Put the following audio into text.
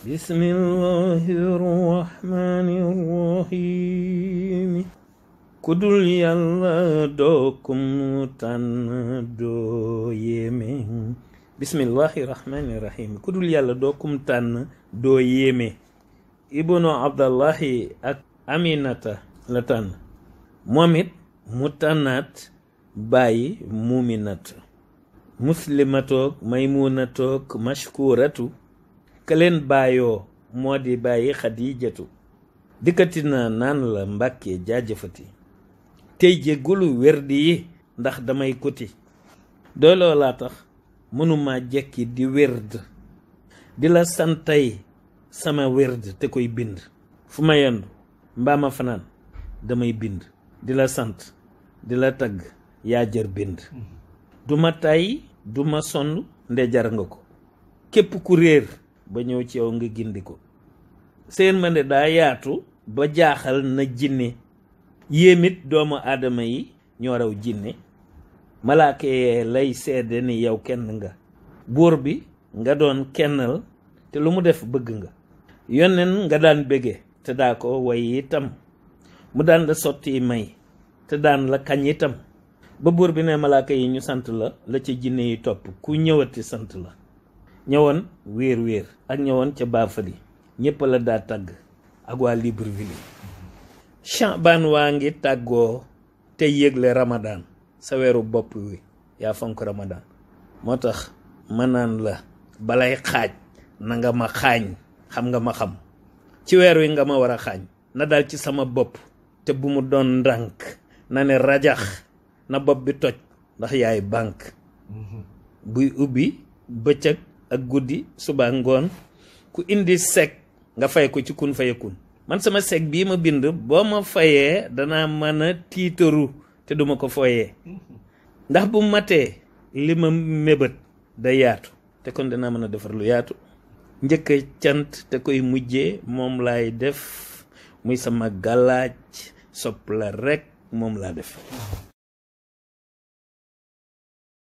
بسم الله الرحمن الرحيم كدل يلا دوكم تن بسم الله الرحمن الرحيم كدل يلا دوكم يمي ابن عبد الله أمينة لتن مؤمن متنات باي مؤمنات مسلمة ميمونة مشكورة ka leen baayoo moo di bàyyi xadiijatu dikkati naa naan la mbàkke jaajëfati tey jéggulu werdi yi ndax damay kuti doyloo tax mënuma jekki di werd di la santay sama werd te koy bind fu ma yendu mbaa fanaan damay bind di la sant di la tagg yaa jër bind mm-hmm. duma tàyyi duma sonn nde jar nga ko képp ku réer ba ñëw ci yow nga gindi ko seen mënde daa yaatu ba jaaxal na jinne yéemit doomu aadama yi ñoo raw jinne malaaka yee lay seede ni yow kenn nga buur bi nga doon kennal te lu mu def bëgg nga yónneen nga daan bége te daa ko way itam mu daan la sotti may te daan la kañ itam ba buur bi ne malaaka yi ñu sant la la ci jinne yi topp ku ñëwati sant la ñewon wër wër ak ñewon ci fadi ñepp la da tag ak waa libreville chaban waa ngi te yegle ramadan sa wëru bop wi ya fonk ramadan motax manan la balay xaj na nga ma xagn xam nga ma xam ci wër wi nga ma wara xagn na dal ci sama bop te bu mu don rank na ne rajax na bop bi toj ndax yaay bank mhm. buy ubi beccak ak guddi suba ngoon ku indi sec nga fay ko ci kun fayakun man sama sec bii ma bind boo ma fayee danaa mën a tiitaru te duma ko fooyee ndax bu matee li ma mébét da yaatu te kon danaa mën a defar lu yaatu njëkk cant te koy mujje moom lay def muy sama galaaj sopp la rekk moom laa def